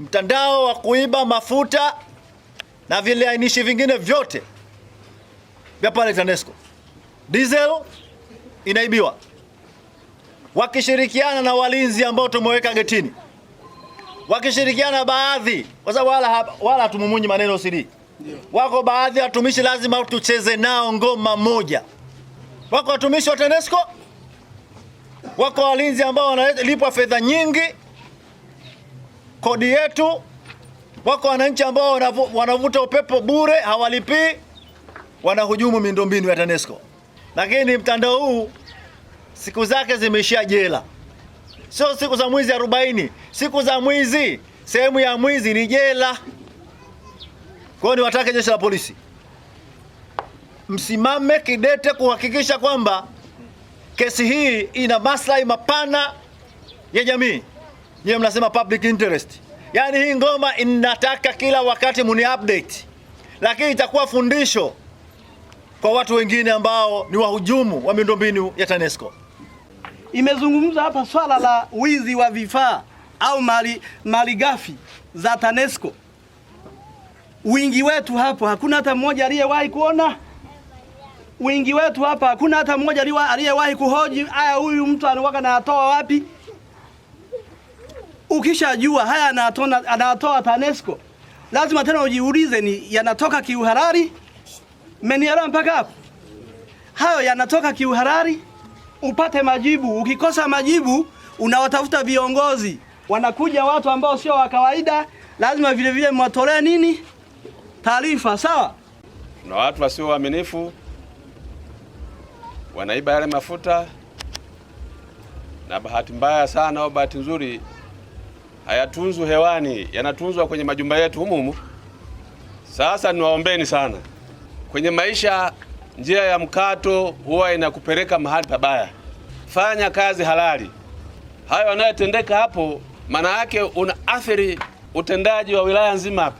mtandao wa kuiba mafuta na vilainishi vingine vyote vya pale TANESCO. Diesel inaibiwa wakishirikiana na walinzi ambao tumeweka getini, wakishirikiana baadhi, kwa sababu wala wala hatumumunyi maneno siri. Wako baadhi ya watumishi lazima tucheze nao ngoma moja. Wako watumishi wa TANESCO, wako walinzi ambao wanalipwa fedha nyingi kodi yetu. Wako wananchi ambao wanavuta upepo bure, hawalipii, wanahujumu miundombinu ya TANESCO. Lakini mtandao huu siku zake zimeishia jela, sio siku za mwizi arobaini Siku za mwizi, sehemu ya mwizi ni jela. Kwa hiyo niwatake jeshi la polisi msimame kidete kuhakikisha kwamba kesi hii ina maslahi mapana ya jamii. Nyewe mnasema public interest, yaani hii ngoma inataka kila wakati muni update, lakini itakuwa fundisho kwa watu wengine ambao ni wahujumu wa miundombinu ya TANESCO. Imezungumza hapa swala la wizi wa vifaa au mali gafi za TANESCO. Wingi wetu hapo hakuna hata mmoja aliyewahi kuona wingi wetu hapa hakuna hata mmoja aliyewahi kuhoji, aya, huyu mtu anawaka na atoa wapi? Ukishajua haya anatoa TANESCO, lazima tena ujiulize, ni yanatoka kiuharari Mmenielewa mpaka hapo? Hayo yanatoka kiuharari upate majibu. Ukikosa majibu, unawatafuta viongozi, wanakuja watu ambao sio wa kawaida, lazima vile vile mwatolee nini taarifa, sawa? Kuna watu wasio waaminifu, wanaiba yale mafuta, na bahati mbaya sana au bahati nzuri hayatunzwi hewani, yanatunzwa kwenye majumba yetu humu humu. Sasa niwaombeni sana, kwenye maisha njia ya mkato huwa inakupeleka mahali pabaya. Fanya kazi halali. Hayo yanayotendeka hapo, maana yake una athiri utendaji wa wilaya nzima. Hapa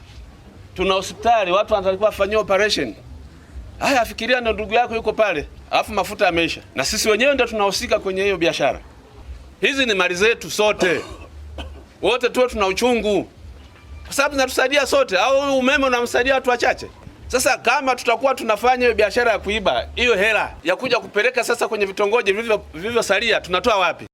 tuna hospitali, watu wanatakiwa wafanyiwe operation. Haya, afikiria ndo ndugu yako yuko pale, alafu mafuta yameisha, na sisi wenyewe ndo tunahusika kwenye hiyo biashara. Hizi ni mali zetu sote wote tuwe tuna uchungu, kwa sababu zinatusaidia sote, au umeme unamsaidia watu wachache. Sasa kama tutakuwa tunafanya hiyo biashara ya kuiba hiyo hela ya kuja kupeleka sasa kwenye vitongoji vilivyosalia, tunatoa wapi?